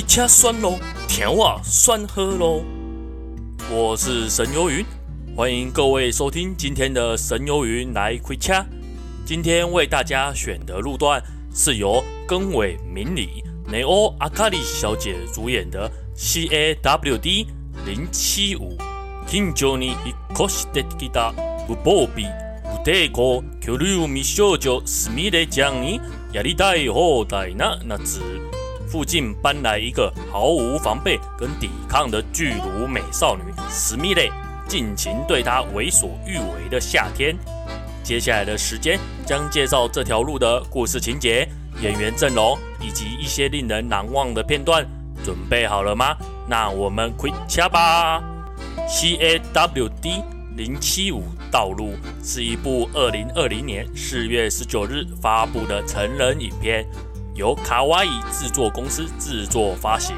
開車算咯，甜話算喝咯。我是神游雲，歡迎各位收聽今天的神游雲來開車。今天為大家選的路段是由根尾明里內歐阿卡里小姐主演的 CAWD-075。不不附近搬來一個毫無防備跟抵抗的巨乳美少女史密雷，盡情對她為所欲為的夏天。接下來的時間將介紹這條路的故事情節、演員陣容以及一些令人難忘的片段。準備好了嗎？那我們回家吧。C A W D 零七五道路是一部二零二零年四月十九日發布的成人影片。由卡哇伊製作公司製作發行。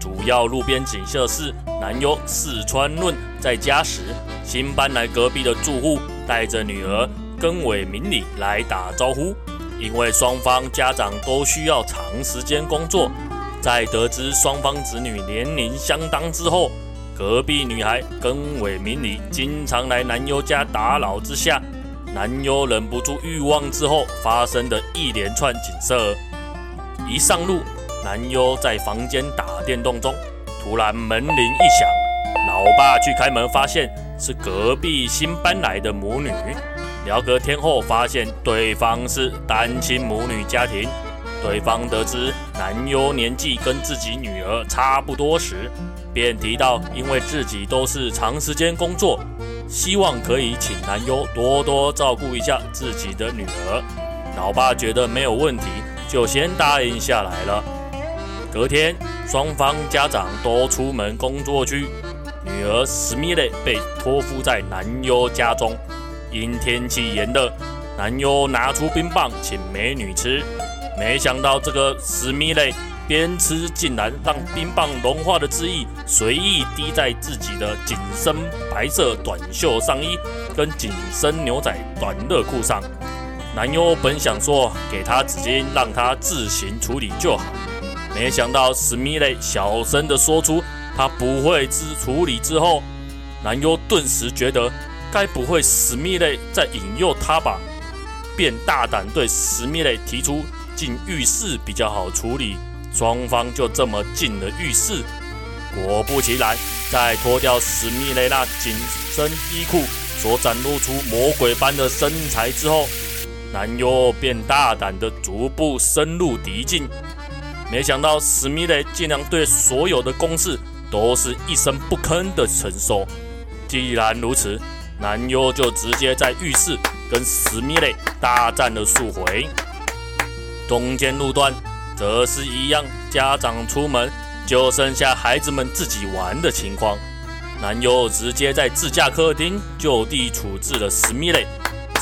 主要路邊景色是男優市川潤在家時，新搬來隔壁的住戶帶着女兒根尾明里來打招呼，因為雙方家長都需要長時間工作，在得知雙方子女年齡相當之後，隔壁女孩根尾明里經常來男優家打擾之下，男優忍不住欲望之後發生的一連串景色。一上路，男優在房間打電動中，突然門鈴一響，老爸去開門，發現是隔壁新搬來的母女。聊個天後，發現對方是單親母女家庭。對方得知男優年紀跟自己女兒差不多時，便提到因為自己都是長時間工作，希望可以請男優多多照顧一下自己的女兒。老爸覺得沒有問題。就先答應下來了。隔天，雙方家長都出門工作去，女兒史密勒被托付在男優家中。因天氣炎熱，男優拿出冰棒請美女吃，沒想到這個史密勒邊吃竟然讓冰棒融化的汁液隨意滴在自己的緊身白色短袖上衣跟緊身牛仔短熱褲上。男優本想說給他紙巾，讓他自行處理就好，沒想到史密雷小聲的說出他不會處理之後，男優頓時覺得該不會史密雷在引誘他吧？便大膽對史密雷提出進浴室比較好處理，雙方就這麼進了浴室。果不其然，在脫掉史密雷那緊身衣褲所展露出魔鬼般的身材之後。男優便大膽地逐步深入敵境，沒想到史密雷竟然對所有的攻勢都是一聲不吭地承受。既然如此，男優就直接在浴室跟史密雷大戰了數回。中間路段則是一樣，家長出門就剩下孩子們自己玩的情況，男優直接在自家客廳就地處置了史密雷。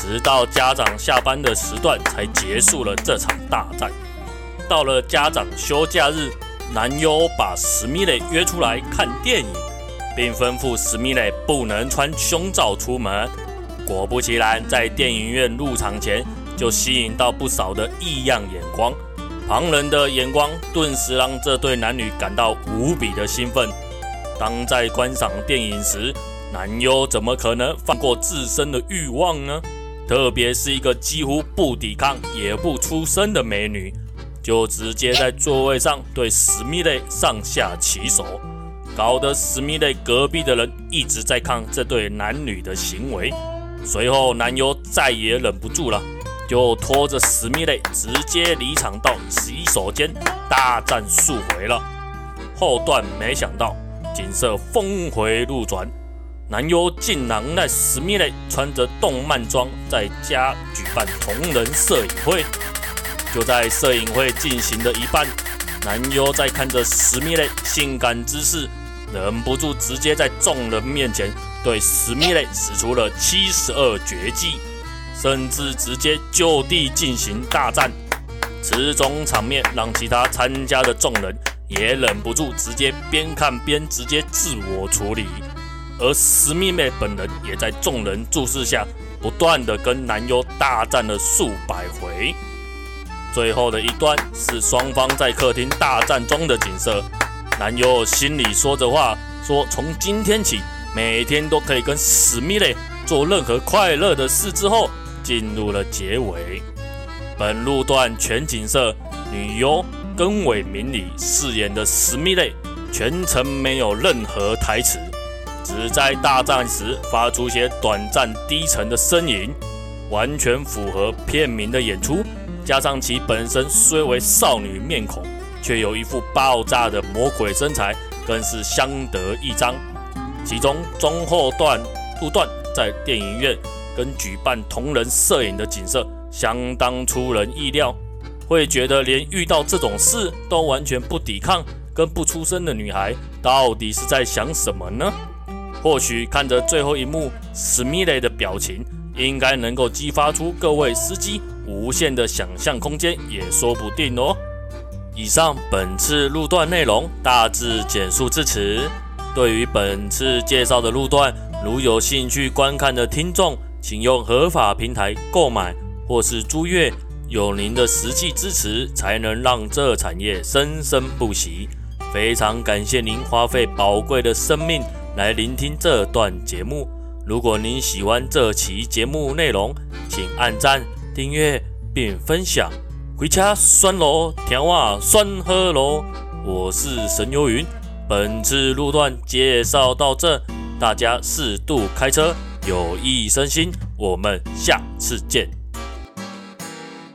直到家長下班的時段才結束了這場大戰。到了家長休假日男，男優把史密雷約出來看電影，並吩咐史密雷不能穿胸罩出門。果不其然，在電影院入場前就吸引到不少的異樣眼光，旁人的眼光頓時讓這對男女感到無比的興奮。當在觀賞電影時，男優怎麼可能放過自身的慾望呢？特別是一個幾乎不抵抗也不出聲的美女，就直接在座位上對史密雷上下其手，搞得史密雷隔壁的人一直在看這對男女的行為。隨後，男優再也忍不住了，就拖着史密雷直接離場到洗手間大戰數回了。後段沒想到，景色峰回路轉。男優竟然在史密勒穿着動漫裝在家舉辦同人攝影會，就在攝影會進行的一半，男優在看着史密勒性感姿勢，忍不住直接在眾人面前對史密勒使出了七十二絕技，甚至直接就地進行大戰。此種場面讓其他參加的眾人也忍不住直接邊看邊直接自我處理。而史密妹本人也在眾人注視下，不斷的跟男優大戰了數百回。最後的一段是雙方在客廳大戰中的景色。男優心裡說着話，說從今天起，每天都可以跟史密妹做任何快樂的事。之後進入了結尾。本路段全景色，女優根尾明里飾演的史密妹全程沒有任何台詞。只在大戰時發出些短暫低沉的呻吟，完全符合片名的演出。加上其本身雖為少女面孔，卻有一副爆炸的魔鬼身材，更是相得益彰。其中中後段路段在電影院跟舉辦同人攝影的景色相當出人意料，會覺得連遇到這種事都完全不抵抗跟不出聲的女孩，到底是在想什麼呢？或許看着最後一幕，史密雷的表情，應該能夠激發出各位司機無限的想象空間，也說不定哦。以上本次路段內容大致簡述至此。對於本次介紹的路段，如有興趣觀看的聽眾，請用合法平台購買或是租閱。有您的實際支持，才能讓這產業生生不息。非常感謝您花費寶貴的生命。來聆聽這段節目。如果您喜歡這期節目內容，請按讚、訂閱並分享。回家酸囉，甜話酸喝囉。我是神遊雲，本次路段介紹到這，大家適度開車，有益身心。我們下次見。